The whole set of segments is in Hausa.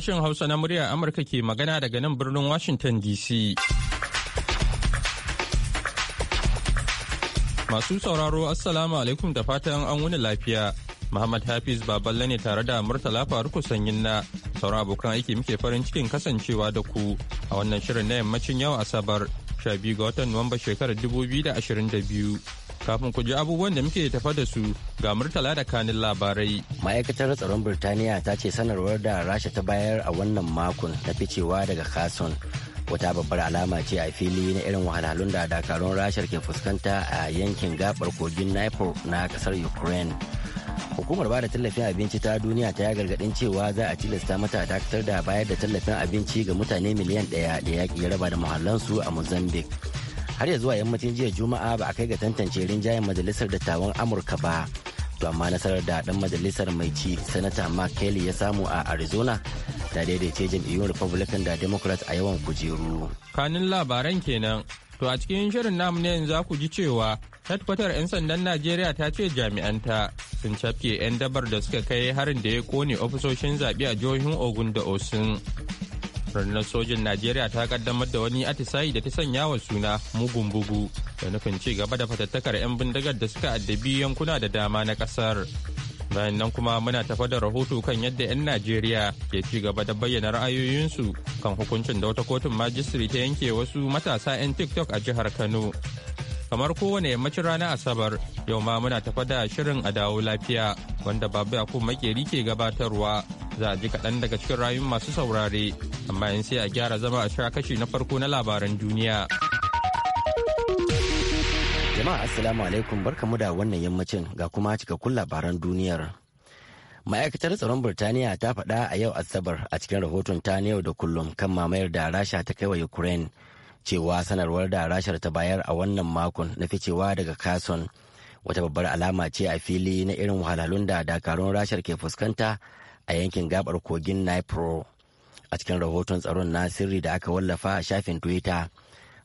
Sashen Hausa na muryar Amurka ke magana daga nan birnin Washington DC. Masu sauraro Assalamu alaikum da fatan an wuni lafiya. Muhammad Hafiz Baballe ne tare da Murtala Faruku Sanyin na sauran abokan aiki muke farin cikin kasancewa da ku a wannan shirin na yammacin yau Asabar 12 ga watan Nuwamba shekarar 2022. kafin ku ji abubuwan da muke tafa da su ga murtala da kanin labarai. Ma'aikatar tsaron Birtaniya ta ce sanarwar da Rasha ta bayar a wannan makon ta ficewa daga kason wata babbar alama ce a fili na irin wahalhalun da dakarun Rashar ke fuskanta a yankin gabar kogin Dnipro na kasar Ukraine. Hukumar bada tallafin abinci ta duniya ta ya gargadin cewa za a tilasta mata dakatar da bayar da tallafin abinci ga mutane miliyan ɗaya da yaƙi ya raba da muhallansu a Mozambique. har ya zuwa yammacin jiya juma'a ba a kai ga tantance rinjayen majalisar dattawan amurka ba to amma nasarar da dan majalisar mai ci sanata mark kelly ya samu a arizona ta daidaice jam'iyyun republican da democrat a yawan kujeru kanin labaran kenan to a cikin shirin namu ne yanzu ku ji cewa headquarter 'yan sandan najeriya ta ce jami'anta sun cafke 'yan dabar da suka kai harin da ya kone ofisoshin zaɓe a jihohin ogun da osun rundunar sojin najeriya ta kaddamar da wani atisayi da ta sanya wa suna mugun bugu da nufin ci gaba da fatattakar 'yan bindigar da suka addabi yankuna da dama na kasar bayan nan kuma muna tafa da rahoto kan yadda 'yan najeriya ke ci gaba da bayyana ra'ayoyinsu kan hukuncin da wata kotun majistri ta yanke wasu matasa 'yan tiktok a jihar kano kamar kowane yammacin rana asabar yau ma muna tafa da shirin a dawo lafiya wanda babu yakub makeri ke gabatarwa za a ji kaɗan daga cikin rayun masu saurare amma yin sai a gyara zama a sha kashi na farko na labaran duniya jama'a assalamu alaikum barkamu da wannan yammacin ga kuma cikakkun labaran duniyar ma'aikatar tsaron burtaniya ta faɗa a yau asabar a cikin rahoton ta na yau da kullum kan mamayar da rasha ta kai wa ukraine cewa sanarwar da rashar ta bayar a wannan makon na ficewa daga kason wata babbar alama ce a fili na irin wahalhalun da dakarun rashar ke fuskanta a yankin gabar kogin nipro a cikin rahoton tsaron na sirri da aka wallafa a shafin twitter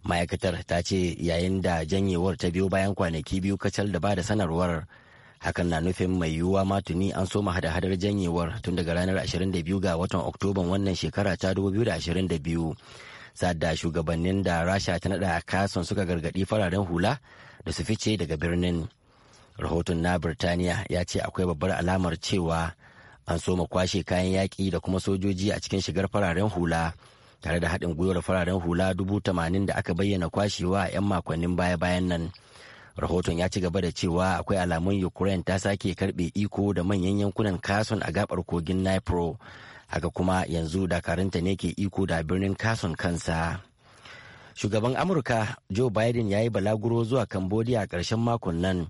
ma'aikatar ta ce yayin da janyewar ta biyo bayan kwanaki biyu kacal da ba da sanarwar hakan na nufin mai yiwuwa ma tuni an soma hada-hadar janyewar tun daga ranar 22 ga watan oktoban wannan shekara ta 2022 sadda shugabannin da rasha ta nada kason suka gargaɗi fararen hula da su fice daga birnin rahoton na birtaniya ya ce akwai babbar alamar cewa an soma kwashe kayan yaƙi da kuma sojoji a cikin shigar fararen hula tare da haɗin gwiwar fararen hula dubu tamanin da aka bayyana kwashewa a 'yan makonnin baya-bayan nan rahoton ya ci gaba da cewa akwai alamun ukraine ta sake karɓe iko da manyan yankunan kason a gabar kogin nipro haka kuma yanzu dakarunta ne ke iko da birnin kason kansa shugaban amurka joe biden ya yi balaguro zuwa cambodia a ƙarshen makon nan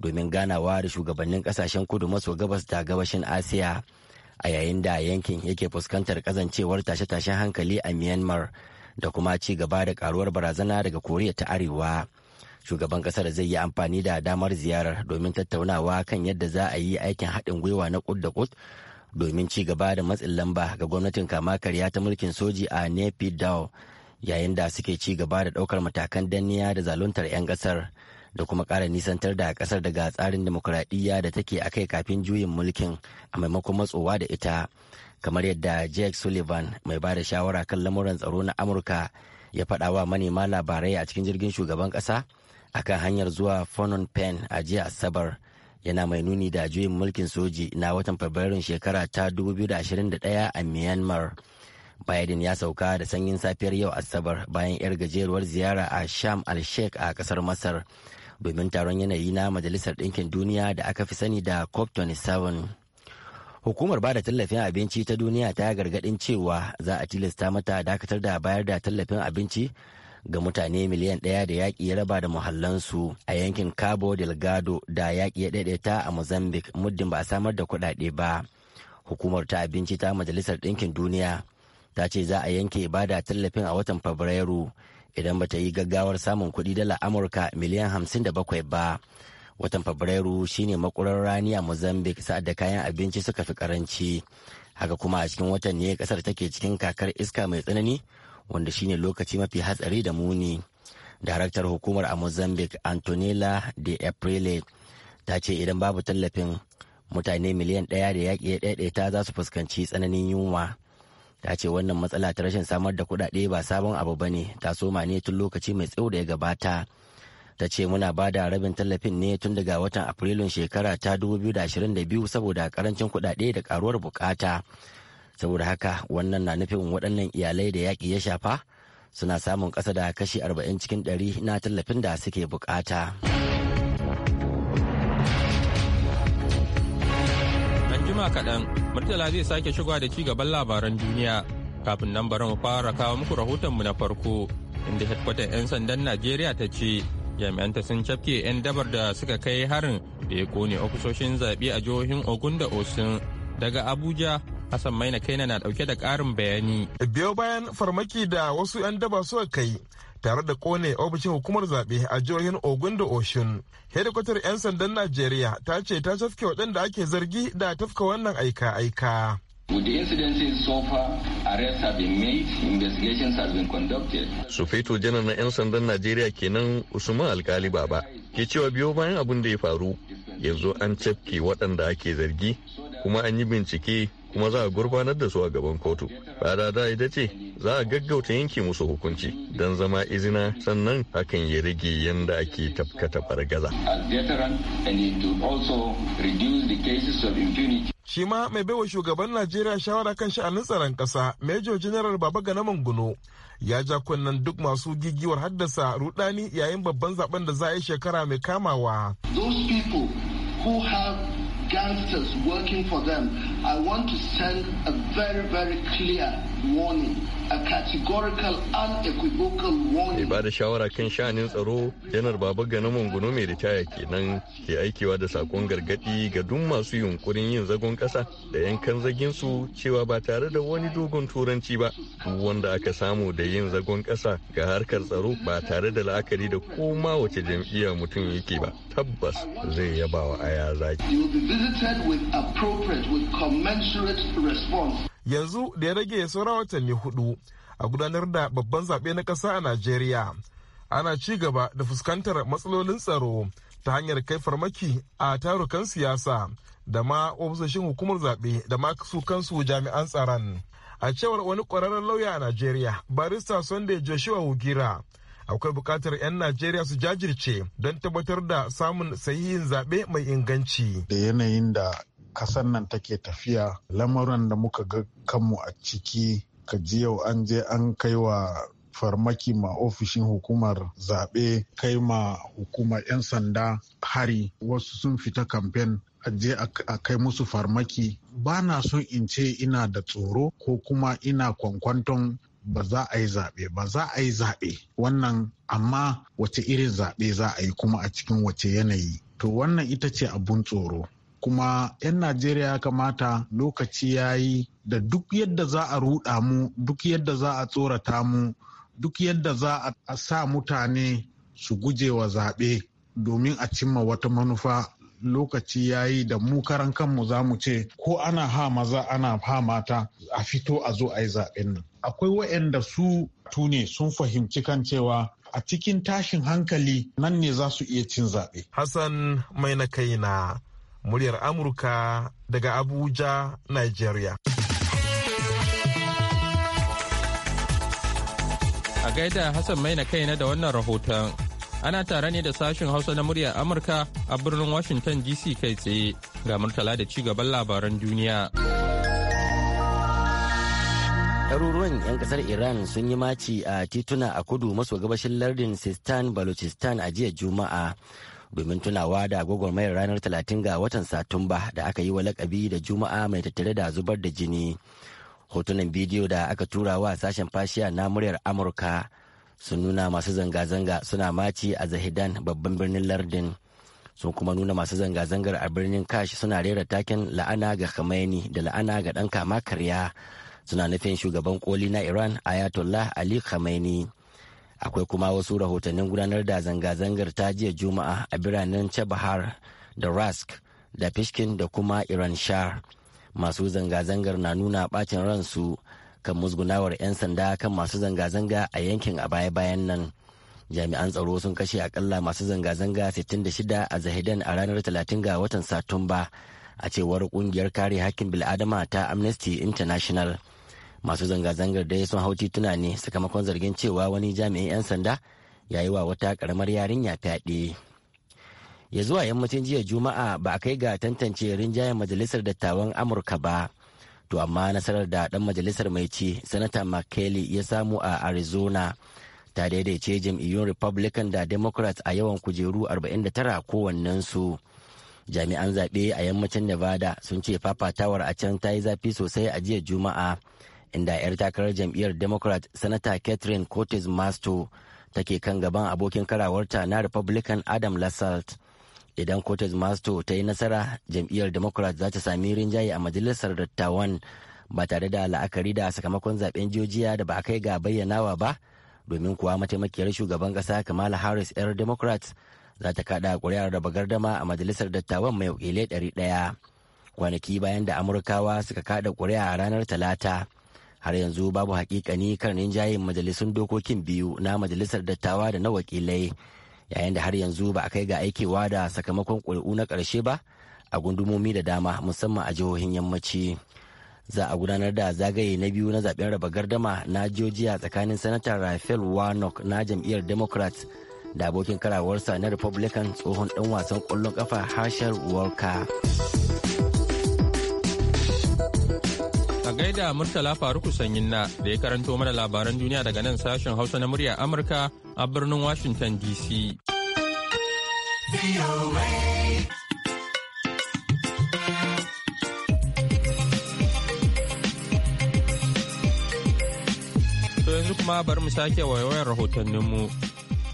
domin ganawa da shugabannin kasashen kudu maso gabas da gabashin asiya a yayin da yankin yake fuskantar kazancewar tashe-tashen hankali a myanmar da kuma ci gaba da karuwar barazana daga koriya ta arewa shugaban kasar zai yi amfani da damar ziyarar domin tattaunawa kan yadda za a yi aikin haɗin gwiwa na kud da kud domin ci gaba da matsin lamba ga gwamnatin kama karya ta mulkin soji a nepi yayin da suke ci gaba da ɗaukar matakan danniya da zaluntar 'yan ƙasar. da kuma ƙara nisantar da ƙasar daga tsarin demokuraɗiyya da take a kai kafin juyin mulkin a maimakon matsowa da ita kamar yadda jake sullivan mai ba da shawara kan lamuran tsaro na amurka ya faɗawa manema labarai a cikin jirgin shugaban ƙasa akan hanyar zuwa phnom pen a jiya asabar yana mai nuni da juyin mulkin soji na watan fabrairun shekara ta 2021 a myanmar Biden ya sauka da sanyin safiyar yau Asabar bayan 'yar gajeruwar ziyara a Sham al-Sheikh a kasar Masar domin taron yanayi na Majalisar Ɗinkin Duniya da aka fi sani da COP27. Hukumar bada tallafin abinci ta duniya ta gargaɗin cewa za a tilasta mata dakatar da bayar da tallafin abinci ga mutane miliyan ɗaya da yaƙi ya raba da muhallansu a yankin Cabo Delgado da yaƙi ya ɗaiɗaita a Mozambique muddin ba a samar da kuɗaɗe ba. Hukumar ta abinci ta Majalisar Ɗinkin Duniya ta ce za a yanke bada tallafin a watan fabrairu idan ba ta yi gaggawar samun kuɗi dala amurka miliyan hamsin da bakwai ba watan fabrairu shine makurar rani a mozambique sa'ad da kayan abinci suka fi karanci haka kuma a cikin watan ne kasar take cikin kakar iska mai tsanani wanda shine lokaci mafi hatsari da muni daraktar hukumar a mozambique antonella de aprile ta ce idan babu tallafin mutane miliyan ɗaya da yaƙi ya ɗaiɗaita za su fuskanci tsananin yunwa ta ce wannan matsala ta rashin samar da kuɗaɗe ba sabon abu ba ne ta soma ne tun lokaci mai tsawo da ya gabata ta ce muna ba da rabin tallafin ne tun daga watan afrilun shekara ta 2022 saboda karancin kuɗaɗe da karuwar bukata saboda haka wannan na nufin waɗannan iyalai da yaƙi ya shafa suna samun ƙasa da kashi 40 cikin 100 na tallafin da suke bukata. jima kaɗan murtala zai sake shigowa da ci gaban labaran duniya kafin nan bari mu fara kawo muku rahotonmu na farko inda headquarter 'yan sandan najeriya ta ce jami'an ta sun cafke 'yan dabar da suka kai harin da ya kone ofisoshin zaɓe a jihohin ogun da osun daga abuja Hassan Maina Kaina na ɗauke da ƙarin bayani. Biyo bayan farmaki da wasu 'yan daba suka kai tare da kone ofishin hukumar zaɓe a jihohin ogun da oshun hedikwatar 'yan sandan najeriya ta ce ta tafke waɗanda ake zargi da tafka wannan aika-aika su janar na 'yan sandan Najeriya kenan Usman Alkali ba ke cewa biyo bayan abin da ya faru yanzu an cafke waɗanda ake zargi kuma an yi bincike kuma za a gurbanar da su a gaban kotu da ita ce za a gaggauta yanke musu hukunci don zama izina sannan hakan ya rage yadda ake tafkata bargaza shi ma mai baiwa shugaban najeriya shawara kan sha'anin tsaron kasa major general baba gana manguno ya ja kunnan duk masu gigiwar haddasa rudani yayin babban zaben da za a yi shekara mai kamawa those people who have gangsters working for them I want to send a very, very clear warning. A categorical unequivocal warning. ba da shawara kan sha'anin tsaro janar baba ganin manguno mai ritaya kenan ke aikewa da sakon gargadi ga duk masu yunkurin yin zagon kasa da yankan zagin su cewa ba tare da wani dogon turanci ba wanda aka samu da yin zagon kasa ga harkar tsaro ba tare da la'akari da koma wace jam'iyya mutum yake ba tabbas zai yaba wa aya zaki. You will be visited with Yanzu da ya rage saura watanni hudu a gudanar da babban zaɓe na ƙasa a Najeriya. Ana ci gaba da fuskantar matsalolin tsaro ta hanyar kai farmaki a tarukan siyasa da ma ofisoshin hukumar zaɓe da ma su kansu jami'an tsaron. A cewar wani ƙwararren lauya a Najeriya, barista Sunday Joshua wugira akwai buƙatar 'yan Najeriya su jajirce don tabbatar da samun sahihin zaɓe mai inganci. Da yanayin da kasan nan take tafiya lamarin da muka ga kanmu a ciki ka ji yau an je an kai wa farmaki ma ofishin hukumar zaɓe kai ma hukumar 'yan sanda hari wasu sun fita kamfen a je a kai musu farmaki ba na son in ce ina da tsoro ko kuma ina kwankwanton ba za a yi zaɓe ba za a yi zaɓe wannan amma wace irin zaɓe za a yi kuma a cikin wace yanayi to wannan ita ce abun tsoro kuma 'yan najeriya ya kamata lokaci ya yi da duk yadda za a ruɗa mu duk yadda za a tsorata mu duk yadda za a sa mutane su guje wa zaɓe domin a cimma wata manufa lokaci ya yi da mu karan kanmu za mu ce ko ana ha maza ana ha mata a fito a zo a yi zaɓen nan akwai wayanda su tune sun fahimci kan cewa a cikin tashin hankali nan ne za su iya cin zaɓe. Hassan mai na kaina muryar Amurka daga Abuja, Nigeria. A gaida Hassan Maina kaina da wannan rahoton. Ana tare ne da sashen Hausa na muryar Amurka a birnin Washington DC kai tsaye ga murtala da ci gaban labaran duniya. Ɗaruruwan 'yan ƙasar Iran sun yi maci a tituna a kudu maso gabashin lardin Sistan Balochistan a jiya Juma'a. domin tunawa da gwagwarmayar ranar 30 ga watan satumba da aka yi wa lakabi da juma'a mai tattare da zubar da jini hotunan bidiyo da aka tura wa sashen fashiya na muryar amurka sun nuna masu zanga-zanga suna maci a zahidan babban birnin lardin sun kuma nuna masu zanga-zangar a birnin kashi suna rera taken la'ana ga khamenei da la'ana ga ɗan kama karya suna nufin shugaban koli na iran ayatollah ali khamenei akwai kuma wasu rahotannin gudanar da zanga-zangar ta jiya juma'a a biranen chabahar da rask da fishkin da kuma iran shar masu zanga-zangar na nuna bacin ransu kan musgunawar 'yan sanda kan masu zanga-zanga a yankin a baya-bayan nan jami'an tsaro sun kashe akalla masu zanga-zanga 66 a zahidan a ranar 30 ga watan satumba a cewar kungiyar kare hakkin bil'adama ta amnesty international masu zanga-zangar dai sun hau tituna ne sakamakon zargin cewa wani jami'in 'yan sanda ya yi wa wata karamar yarinya fyaɗe ya zuwa yammacin jiya juma'a ba a kai ga tantance rinjayen majalisar dattawan amurka ba to amma nasarar da dan majalisar mai ci sanata mckelly ya samu a arizona ta daidaice jam'iyyun republican da democrats a yawan kujeru 49 kowannensu jami'an zaɓe a yammacin nevada sun ce fafatawar a can ta yi zafi sosai a jiya juma'a inda 'yar takarar jam'iyyar democrat sanata catherine cortez masto take kan gaban abokin karawarta na republican adam lasalt idan cortez masto ta yi nasara jam'iyyar democrat za ta sami rinjaye a majalisar dattawan ba tare da la'akari da sakamakon zaben jojiya da ba a kai ga bayyanawa ba domin kuwa mataimakiyar shugaban kasa kamala harris 'yar democrat za ta kada kuri'ar da gardama a majalisar dattawan mai wakilai ɗari kwanaki bayan da amurkawa suka kada kuri'a a ranar talata har yanzu babu hakikani kan rinjayen majalisun dokokin biyu na majalisar dattawa da na wakilai yayin da har yanzu ba a kai ga aikewa da sakamakon ƙuri'u na ƙarshe ba a gundumomi da dama musamman a jihohin yammaci za a gudanar da zagaye na biyu na zaben raba gardama na georgia tsakanin sanatar rafael warnock na jam'iyyar democrat da abokin karawarsa na republican tsohon dan wasan kwallon kafa harshen walker gaida Murtala Faruku Sanyin na da ya karanto mana labaran duniya daga nan sashen Hausa na murya Amurka a birnin Washington DC. To yanzu kuma bari mu sake rahotannin rahotanninmu.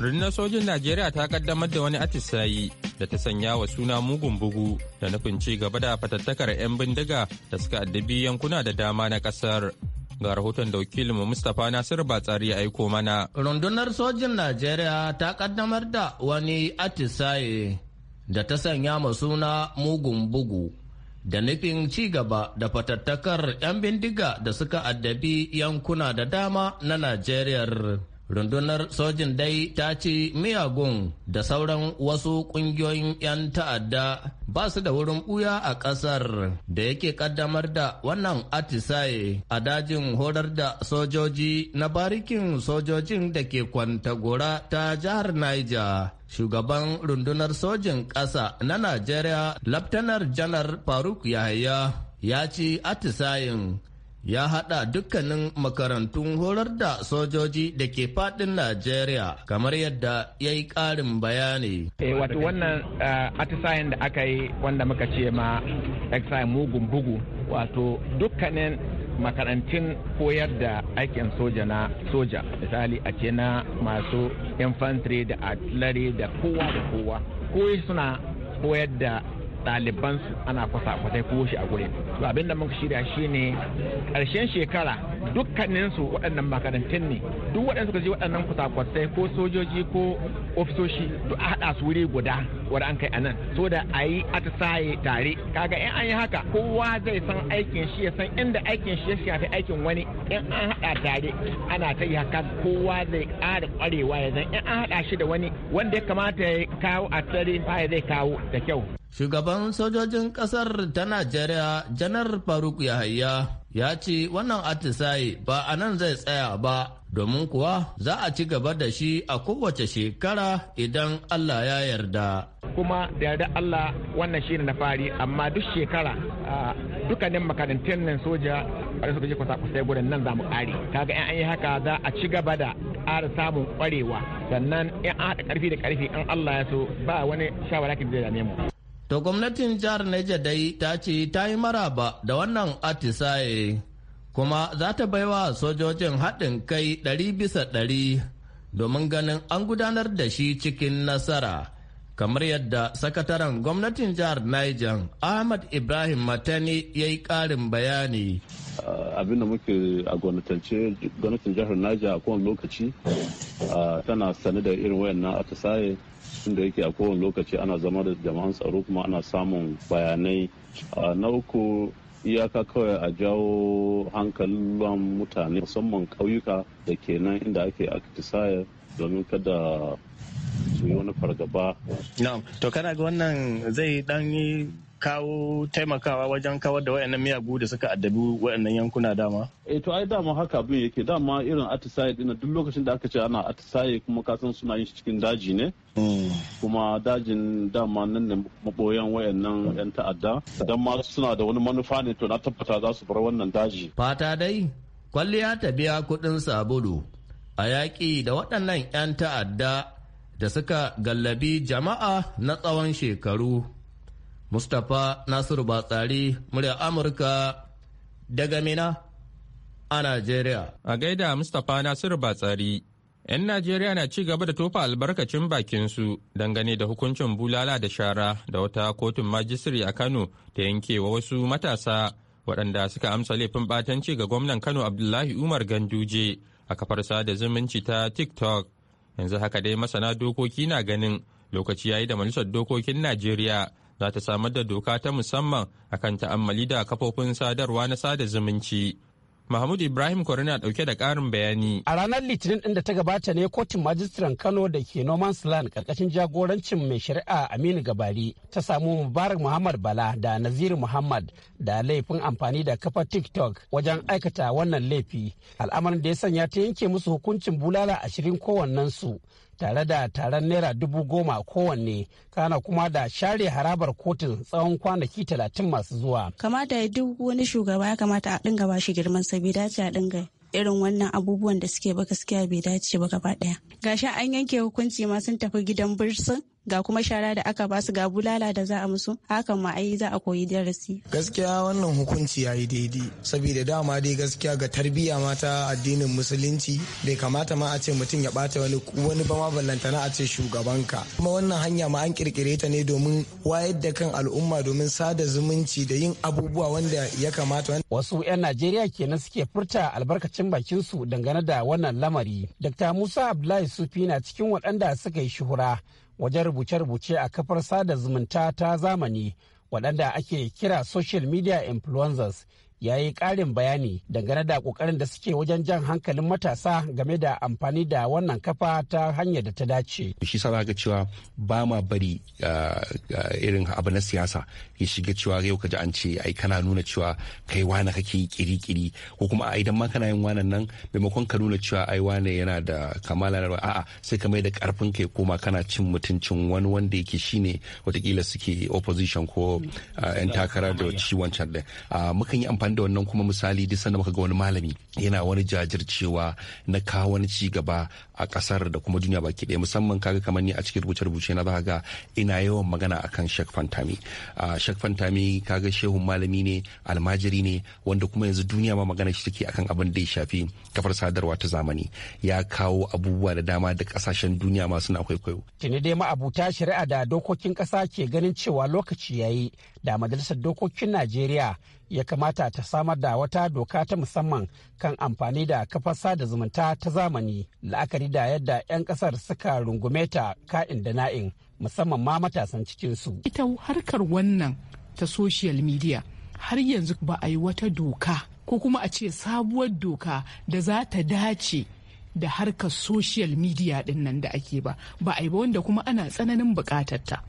Rundunar sojin Najeriya ta kaddamar da wani atisayi da ta sanya wa suna mugun bugu da nufin ci gaba da fatattakar 'yan bindiga da suka addabi yankuna da dama na kasar. Ga rahoton da wakilinmu Mustapha Nasir tsari ya aiko mana. Rundunar sojin Najeriya ta kaddamar da wani atisaye da ta sanya ma suna mugun bugu. da nufin ci gaba da fatattakar 'yan bindiga da suka addabi yankuna da dama na Najeriya. rundunar sojin dai ta ce miyagun da sauran wasu ƙungiyoyin 'yan ta'adda ba su da wurin buya a ƙasar da yake ƙaddamar da wannan atisaye a dajin horar da sojoji na barikin sojojin da ke kwantagora ta jihar niger shugaban rundunar sojin ƙasa na najeriya laftanar janar faruk yahaya ya ci atisayen ya haɗa dukkanin makarantun horar da sojoji da ke fadin Najeriya kamar yadda ya yi ƙarin bayani. E wato wannan ah, atisayen da aka yi wanda muka ce ma exile mugun bugu wato dukkanin makarantun koyar da aikin soja na soja misali a ce na masu infantry da artillery da kowa da kowa koyi suna koyar da ɗaliban ana kwasa kwatai ko shi a gure to abin da muka shirya shine ƙarshen shekara dukkanin su waɗannan makarantun ne duk waɗanda suka je waɗannan kwasa ko sojoji ko ofisoshi duk a haɗa su wuri guda wani an kai a nan so da a yi atisaye tare kaga in an yi haka kowa zai san aikin shi ya san inda aikin shi ya shafi aikin wani in an haɗa tare ana ta yi haka kowa zai ƙara ƙwarewa ya zan in an haɗa shi da wani wanda ya kamata ya kawo a tsarin baya zai kawo da kyau Shugaban sojojin ƙasar ta Najeriya, Janar Faruk Yahaya, ya ce wannan atisaye ba a nan zai tsaya ba, domin kuwa za a ci gaba da shi a kowace shekara idan Allah ya yarda. Kuma da yarda Allah wannan shi na fari, amma duk shekara dukkanin makarantun nan soja a suka je kwasa kusa gudun nan zamu mu ƙare. Kaga in an yi haka za a ci gaba da ƙara samun ƙwarewa sannan in an haɗa ƙarfi da ƙarfi in Allah ya so ba wani shawara da zai mu. To gwamnatin jihar Niger dai ta ce ta yi maraba da wannan atisaye kuma za ta baiwa sojojin haɗin kai ɗari bisa ɗari domin ganin an gudanar da shi cikin nasara. kamar yadda sakataren gwamnatin jihar Niger Ahmad Ibrahim Matani ya yi ƙarin bayani. Ah, abin da muke a gwamnatance gwamnatin jihar Niger a kowane lokaci ah, tana sane da irin wayannan atisaye tunda yake a kowane lokaci ana zama da jama'an tsaro kuma ana samun bayanai na uku iyaka kawai a jawo hankalin mutane musamman ƙauyuka da ke nan inda ake aktisaya domin kada su yi wani fargaba. to kana ga wannan zai dan yi kawo taimakawa wajen kawar da wayannan miyagu da suka addabi wayannan yankuna dama? Eh to ai dama haka abin yake dama irin atisaye din duk lokacin da aka ce ana atisaye kuma ka san suna yin shi cikin daji ne. Hmm. Kuma dajin dama nan ne maboyan wayannan yan ta'adda dan ma suna da wani manufa ne to na tabbata za su bar wannan daji. Fata dai kwalliya ta biya kuɗin sabulu a yaƙi da waɗannan yan ta'adda da suka gallabi jama'a na tsawon shekaru. Mustapha Nasiru Batsari murya Amurka daga Mina a Najeriya. A gaida Mustapha Nasiru Batsari, 'yan Najeriya na ci gaba da tofa albarkacin bakinsu dangane da hukuncin bulala da shara da wata kotun Majistare a Kano ta yankewa wasu matasa waɗanda suka amsa laifin Batanci ga gwamnan Kano Abdullahi Umar Ganduje a kafar sada zumunci ta TikTok. Yanzu haka dai masana dokoki na ganin lokaci yayi da Majalisar Dokokin Najeriya za ta samar da doka ta musamman a kan ta'ammali da kafofin sadarwa na sada zumunci Mahmud Ibrahim Kwari na dauke da karin bayani. A ranar Litinin ɗin da ta gabata ne kotun majistiran Kano da ke noman slan karkashin jagorancin mai shari'a Aminu Gabari ta samu Mubarak Muhammad Bala da Naziru Muhammad da laifin amfani da kafa TikTok wajen aikata wannan laifi. Al'amarin da ya sanya ta yanke musu hukuncin bulala ashirin kowannensu tare da taron naira dubu goma kowanne kana kuma da share harabar kotun tsawon kwanaki talatin masu zuwa. kamata duk wani shugaba ya kamata a dinga bashi girman sabi dace a dinga irin wannan abubuwan da suke ba gaskiya bai dace ba gaba daya gashi an yanke hukunci ma sun tafi gidan birsin ga kuma shara da aka basu ga bulala da za a musu hakan ma ai za a koyi darasi gaskiya wannan hukunci ya yi daidai saboda dama dai gaskiya ga tarbiyya mata addinin musulunci bai kamata ma a ce mutum ya bata wani wani ba ma ballantana a ce shugabanka kuma wannan hanya ma an kirkire ta ne domin wayar da kan al'umma domin sada zumunci da yin abubuwa wanda ya kamata wasu 'yan najeriya kenan suke furta albarkacin bakin su dangane da wannan lamari dr musa abdullahi sufi na cikin waɗanda suka yi shuhura wajen rubuce-rubuce a kafar sada zumunta ta zamani waɗanda ake kira social media influencers ya yi ƙarin bayani dangane da ƙoƙarin da suke wajen jan hankalin matasa game da amfani da wannan kafa ta hanyar da ta dace. Shi sa ga cewa ba ma bari ah, ah, irin abu na siyasa ya shiga cewa yau ka ji an ce ai kana nuna cewa kai wane kake kiri-kiri ko kuma a idan ma kana yin wanan nan maimakon ka nuna cewa ai wane yana da kamala na a'a sai ka mai da karfin kai koma kana cin mutuncin wani wanda yake shine watakila suke opposition ko ah, yan takara da ciwon wancan da mukan yi amfani amfani da wannan kuma misali duk sanda muka ga wani malami yana wani jajircewa na kawo wani ci gaba a kasar da kuma duniya baki ɗaya musamman kaga kamar ni a cikin rubuce-rubuce na zaka ga ina yawan magana akan Sheikh Fantami Sheikh Fantami kaga shehun malami ne almajiri ne wanda kuma yanzu duniya ma magana shi take akan abin da ya shafi kafar sadarwa ta zamani ya kawo abubuwa da dama da kasashen duniya ma suna kwaikwayo tuni dai ma'abuta shari'a da dokokin kasa ke ganin cewa lokaci yayi da majalisar dokokin Najeriya ya kamata ta samar da wata doka ta musamman kan amfani da kafar sada zumunta ta zamani la'akari da yadda 'yan kasar suka rungume ta ka'in da na'in musamman ma matasan cikinsu. ita harkar wannan ta social media har yanzu ba a yi wata doka ko kuma a ce sabuwar doka da za ta dace da harkar social media din nan da ake ba ba a yi ba wanda kuma ana tsananin bukatarta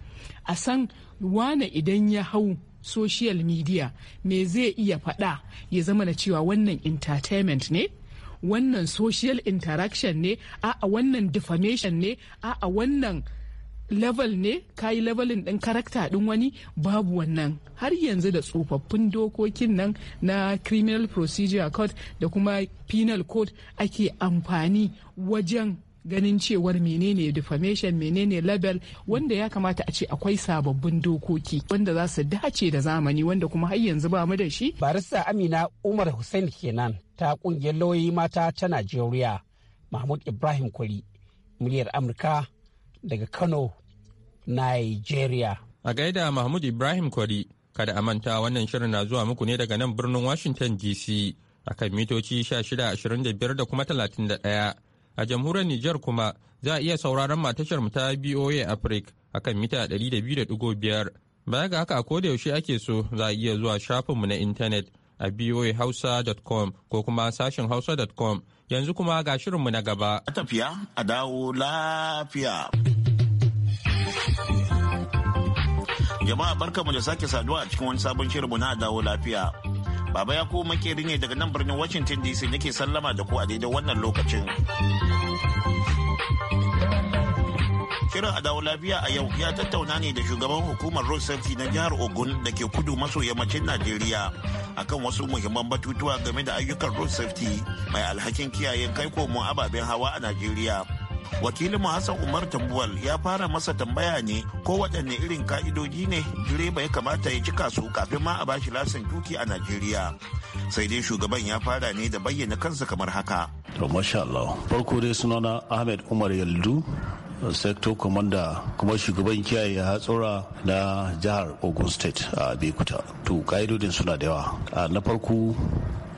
a san wane idan ya hau social media me zai iya faɗa ya zama na cewa wannan entertainment ne wannan social interaction ne a wannan defamation ne a'a wannan level ne kayi levelin ɗin karakta din wani babu wannan har yanzu da tsofaffin dokokin nan na criminal procedure code da kuma penal code ake amfani wajen ganin cewar menene defamation menene label wanda ya kamata a ce akwai sababbin dokoki wanda za su dace da zamani wanda kuma har yanzu ba mu da shi barista amina umar hussein kenan ta kungiyar lauyoyi mata ta najeriya mahmud ibrahim kuri muryar amurka daga kano nigeria a gaida mahmud ibrahim kuri kada a manta wannan shirin na zuwa muku ne daga nan birnin washington dc akan mitoci 1625 da kuma 31 A jamhuriyar Nijar kuma za a iya sauraron matashar mu ta BOA Africa akan mita 200.5. Baya ga haka ko da yaushe ake so za a iya zuwa shafin mu na intanet a boahausa.com ko kuma sashin hausa.com yanzu kuma ga shirin mu na gaba. A tafiya a dawo lafiya. Jama'a barkamu da sake saduwa a cikin wani sabon shirin mu na dawo lafiya. Baba ya ko makeri ne daga nan birnin Washington DC nake sallama da ku a daidai wannan lokacin. kiran a dawo lafiya a yau ya tattauna ne da shugaban hukumar road safety na jihar Ogun da ke kudu maso yammacin Najeriya akan wasu muhimman batutuwa game da ayyukan road safety mai alhakin kiyaye kai mu ababen hawa a Najeriya. wakilin mu hassan umar tambuwal ya fara masa tambaya ne ko waɗanne irin ka'idoji ne direba ya kamata ya cika su kafin ma a bashi lasin tuki a najeriya sai dai shugaban ya fara ne da bayyana kansa kamar haka to masha Allah farko dai sunana ahmed umar yaldu sector commander kuma shugaban kiyaye hatsura na jihar ogun state a bekuta to ka'idodin suna da yawa na farko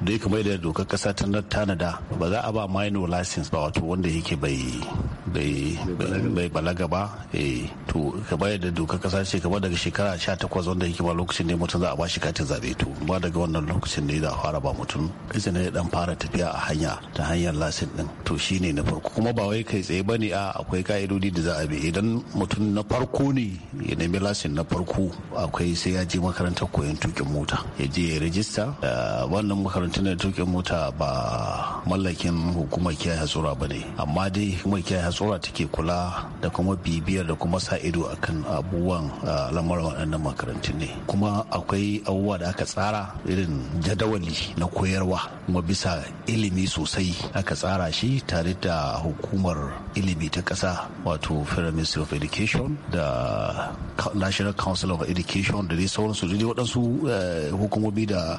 da ya kamar da dokar kasa ta tanada ba za a ba minor license ba wato wanda yake bai bai balaga ba eh to bayar da doka kasa ce kamar daga shekara 18 wanda yake ba lokacin ne mutum za a bashi katin zaɓe to ba daga wannan lokacin ne za a fara ba mutum izinin ya dan fara tafiya a hanya ta hanyar lasin din to shine na farko kuma ba wai kai tsaye bane a akwai ka'idodi da za a bi idan mutum na farko ne ya nemi lasin na farko akwai sai ya je makarantar koyon tukin mota ya je ya rijista wannan makarantar na tukin mota ba mallakin hukumar kiyaye hatsura ne amma dai hukumar kiyaye tsora take kula da kuma bibiyar da kuma sa ido akan abubuwan lamarin waɗannan makarantun ne kuma akwai abubuwa da aka tsara irin jadawali na koyarwa kuma bisa ilimi sosai aka tsara shi tare da hukumar ilimi ta ƙasa wato federal ministry of education da national council of education da dai sauransu da waɗansu e, hukumomi da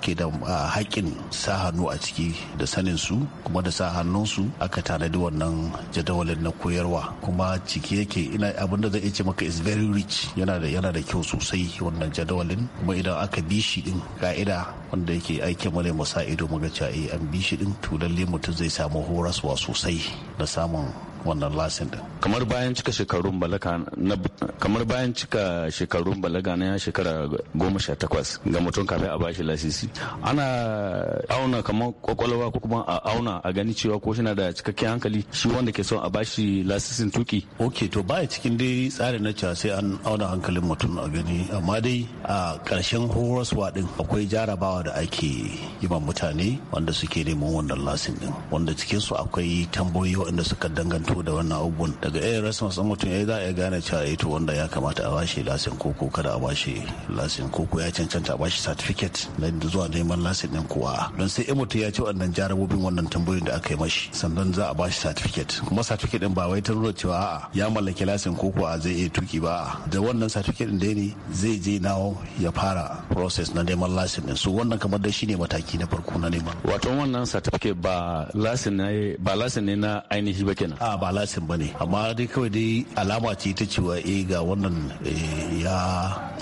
ke da haƙƙin sa hannu a ciki da sanin su kuma da sa hannunsu aka tanadi wannan jadawalin na koyarwa kuma ciki yake ina abin da zai iya ce maka is very rich yana da yana da kyau sosai wannan jadawalin kuma idan aka bi shi din ka'ida wanda yake aiki mana musa ido muga ga eh, an bi shi din to lalle mutum zai samu horaswa sosai da samun wannan lasin din kamar bayan cika shekarun balaga na kamar bayan cika shekarun balaga na shekara goma sha takwas ga mutum kafin a bashi lasisi ana auna kamar kwakwalwa ko kuma a auna a gani cewa ko shi na da cikakken hankali shi wanda ke son a bashi lasisin tuki ok to baya cikin dai tsarin na cewa sai an auna hankalin mutum a gani amma dai a karshen horaswa din akwai jarabawa da ake yi mutane wanda suke neman wannan lasin din wanda cikinsu akwai tambayoyi waɗanda suka danganto da wannan abubuwan daga irin masu mutum ya za a gane cewa ya eh, to wanda ya kamata a bashi lasin koko kada a bashi lasin koko ya cancanta a bashi certificate na zuwa neman lasin din kuwa don sai in mutum ya ce wannan jarabobin wannan tambayoyin da aka yi mashi sannan za a bashi certificate kuma certificate din ba wai ta nuna cewa a'a ya mallaki lasin koko a zai iya tuki ba da wannan certificate din ne zai je nawo ya fara process na neman lasin din su wannan kamar da shine mataki na farko na neman wato wannan certificate ba lasin ne ba lasin ne na ainihi ba kenan a ba lasin ba ne amma dai kawai dai alama ce ta cewa e ga wannan eh, ya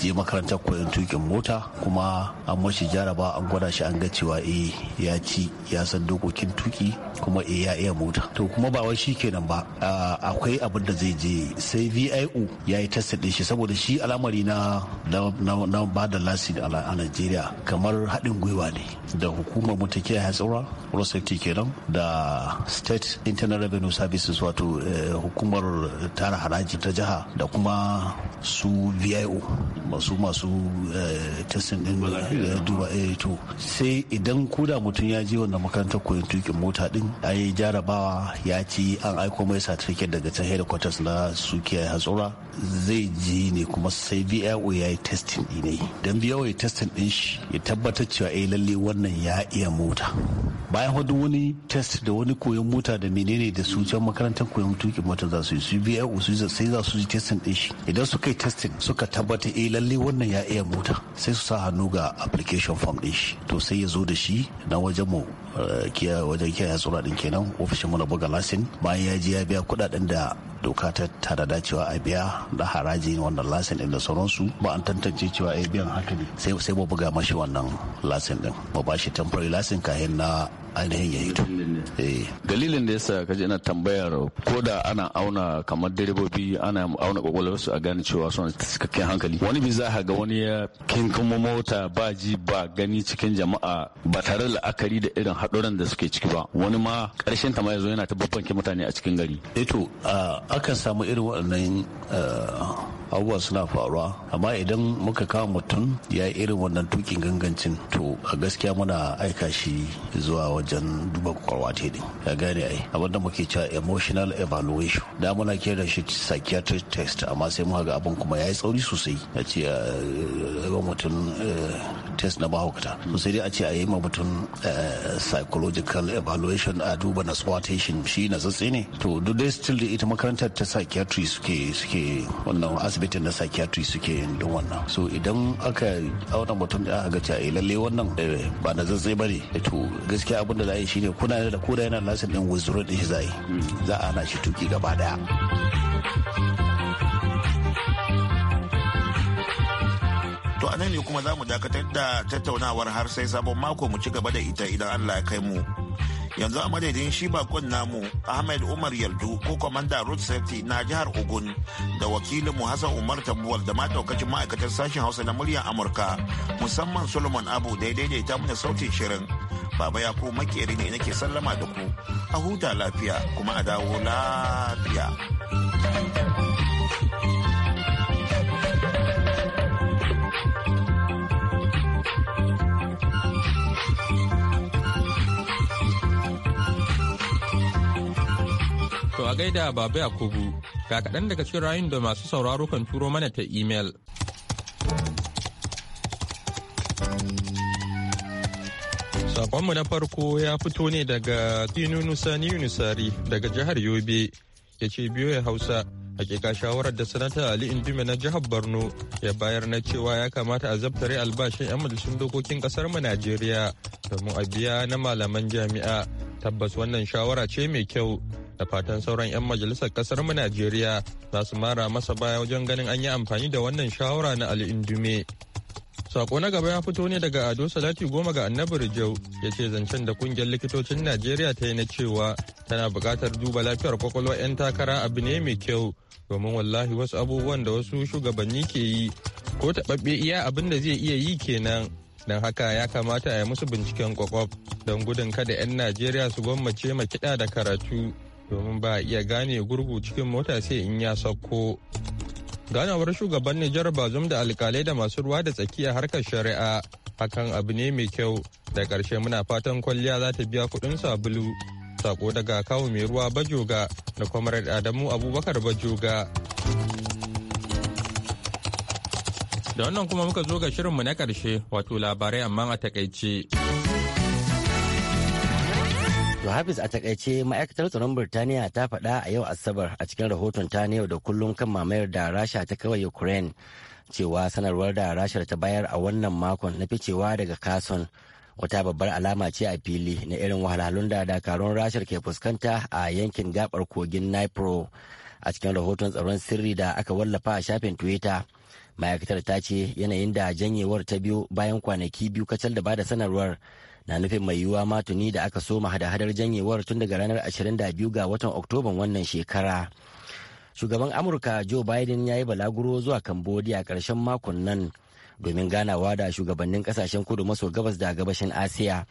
je makarantar koyon tukin mota kuma an mashi jaraba an gwada shi an ga cewa e ya ci ya san dokokin tuki kuma e ya iya mota to kuma ba wai kenan ba akwai abin da zai je sai VIO ya yi tasa shi saboda shi al'amari na na ba da lasin a Najeriya kamar haɗin gwiwa ne da hukumar mu ya kiyaye hatsura kenan da State Internal Revenue Services wato eh, hukumar tara haraji ta jiha da kuma su vio masu masu eh, testing din duba eh, to sai idan koda mutum ya je wanda makarantar koyon tukin mota din a yi jarabawa ya ci an aiko mai certificate daga can headquarters na su hatsura zai je ne kuma sai bio ya yi testin ɗine don bio ya testin ɗin shi ya tabbatar cewa eh lalle wannan ya iya mota bayan hudu wani test da wani koyon mota da menene da su can makarantar koyon tuki mota za su yi su bio su sai za su yi testin ɗin shi idan suka yi testin suka tabbata eh lalle wannan ya iya mota sai su sa hannu ga application form ɗin shi to sai ya zo da shi na wajen mu eh, wajen ya tsura ɗin kenan ofishin mu na buga lasin bayan ya je ya biya kuɗaɗen da doka ta da cewa a biya da haraji wanda lasin din da sauransu ba an tantance cewa a eh, biyan haka ne sai sai ba buga mashi wannan lasin din ba ba shi temporary lasin kahin na ainihin ya hito eh. dalilin da yasa kaji ina tambayar ko da ana auna kamar direbobi ana auna kwakwalwarsu a gane cewa suna cikakken hankali wani bi za ga wani ya kinkimo mota ba ji ba gani cikin jama'a ba tare la'akari da irin haɗuran da suke ciki ba wani ma ƙarshen ta ma zo yana ta babbanke mutane a cikin gari eto eh akan samu irin waɗannan eh, abubuwa suna faruwa amma idan muka kawo mutum ya yi irin wannan tukin gangancin to a gaskiya muna aika shi zuwa wajen duba kwakwalwa ce din ya gane ai abin da muke cewa emotional evaluation da muna kira shi psychiatric test amma sai muka ga abin kuma ya yi tsauri sosai a ce a mutum test na mahaukata sai dai a ce a yi ma mutum psychological evaluation a duba na swatation shi na tsatsi ne to duk dai still ita makarantar ta psychiatry suke suke wannan asibitin na psychiatry suke yin don wannan so idan aka auna mutum da aka ga eh, lalle wannan eh, ba na zazzai ba ne eh, to gaskiya abin da za a yi shine kuna da koda yana lasin din wuzuru da shi za za a hana shi tuki gaba daya To anan ne kuma za mu dakatar da tattaunawar har sai sabon mako mu ci gaba da ita idan Allah ya kai mu. yanzu a madadin shi bakon namu ahmed umar yardu ko kwamanda road safety na jihar ogun da wakilinmu hassan umar tambuwal da maɗaukacin ma'aikatar sashen hausa na muryar amurka musamman solomon abu da ya ta muna sautin shirin baba ya ko makeri ne nake sallama da ku a huta lafiya kuma a dawo lafiya gaida Baba Yakubu, ga kaɗan daga cikin rayun da masu sauraro kan turo mana ta imel. Sakonmu na farko ya fito ne daga Tinu sani Yunusari daga jihar Yobe, ya ce biyo ya Hausa. hakika shawarar da sanata ali indume na jihar borno ya bayar na cewa ya kamata a zabtare albashin 'yan majalisun dokokin kasar mu najeriya domin a biya na malaman jami'a tabbas wannan shawara ce mai kyau da fatan sauran 'yan majalisar kasar mu najeriya za su mara masa baya wajen ganin an yi amfani da wannan shawara na ali indume sako na gaba ya fito ne daga ado salati goma ga annabi rijau ya ce zancen da kungiyar likitocin najeriya ta yi na cewa tana buƙatar duba lafiyar kwakwalwa 'yan takara abu ne mai kyau domin wallahi wasu abubuwan da wasu shugabanni ke yi ko taɓaɓɓe iya abin da zai iya yi kenan don haka ya kamata a yi musu binciken kwakwaf don gudun kada 'yan najeriya su gwammace ma kiɗa da karatu domin ba iya gane gurgu cikin mota sai in ya sauko. ganawar shugaban nijar bazum da alkalai da masu ruwa da tsakiya harkar shari'a hakan abu ne mai kyau da ƙarshe muna fatan kwalliya za ta biya kuɗin sabulu sako daga kawo mai ruwa bajoga da kwamarar adamu abubakar bajoga da wannan kuma muka zo ga shirinmu na karshe wato labarai amma a takaice. To Hafiz a takaice ma'aikatar tsaron Birtaniya ta faɗa a yau Asabar a cikin rahoton ta na yau da kullum kan mamayar da Rasha ta kawai Ukraine cewa sanarwar da rasha ta bayar a wannan makon na ficewa daga kason wata babbar alama ce a fili na irin wahalhalun da dakarun rasha ke fuskanta a yankin gabar kogin Nipro a cikin rahoton tsaron sirri da aka wallafa a shafin Twitter. Ma'aikatar ta ce yanayin da janyewar ta biyu bayan kwanaki biyu kacal da bada sanarwar na nufin mai yiwuwa ma tuni da aka soma hada-hadar janyewar tun daga ranar 22 ga watan oktoban wannan shekara shugaban amurka joe biden ya yi balaguro zuwa cambodia karshen makon nan domin ganawa da shugabannin kasashen kudu maso gabas da gabashin asiya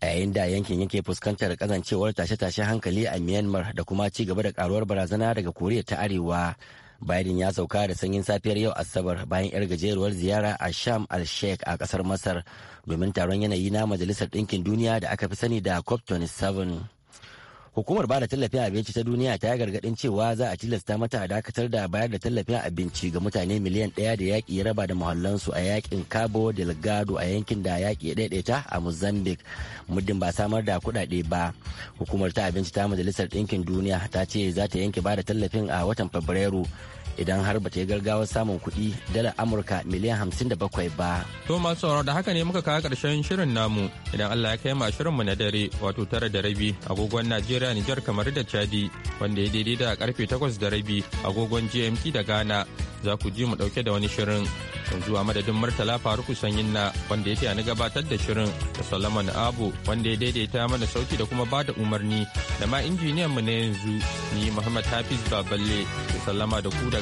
a yayin da yankin yake fuskantar kazancewar tashe-tashen hankali a myanmar da kuma ci gaba da karuwar barazana daga koriya ta arewa Biden ya sauka da sanyin safiyar yau Asabar bayan 'yar gajeruwar ziyara a Sham al-Sheikh a kasar Masar domin taron yanayi na Majalisar Ɗinkin Duniya da aka fi sani da COP27. hukumar ba bada tallafin abinci ta duniya ta yi gargadin cewa za a tilasta mata a dakatar da bayar da tallafin abinci ga mutane miliyan ɗaya da yaƙi raba da muhallansu a yaƙin cabo delgado a yankin da yaƙi ya daidaita a mozambique muddin ba samar da kuɗaɗe ba hukumar ta abinci ta majalisar ɗinkin duniya ta ce za ta yanke da tallafin a watan fabrairu idan har ba ta yi gargawar samun kuɗi dala amurka miliyan hamsin da bakwai ba. to masu sauraro da haka ne muka kawo ƙarshen shirin namu idan allah ya kai ma shirinmu na dare wato tara da rabi agogon najeriya nijar kamar da chadi wanda ya daidai da karfe takwas da rabi agogon gmt da ghana za ku ji mu ɗauke da wani shirin yanzu a madadin murtala faruku sanyin na wanda ya tayani gabatar da shirin da solomon abu wanda ya daidaita mana sauki da kuma bada umarni da ma injiniyan mu na yanzu ni muhammad hafiz baballe da sallama da ku da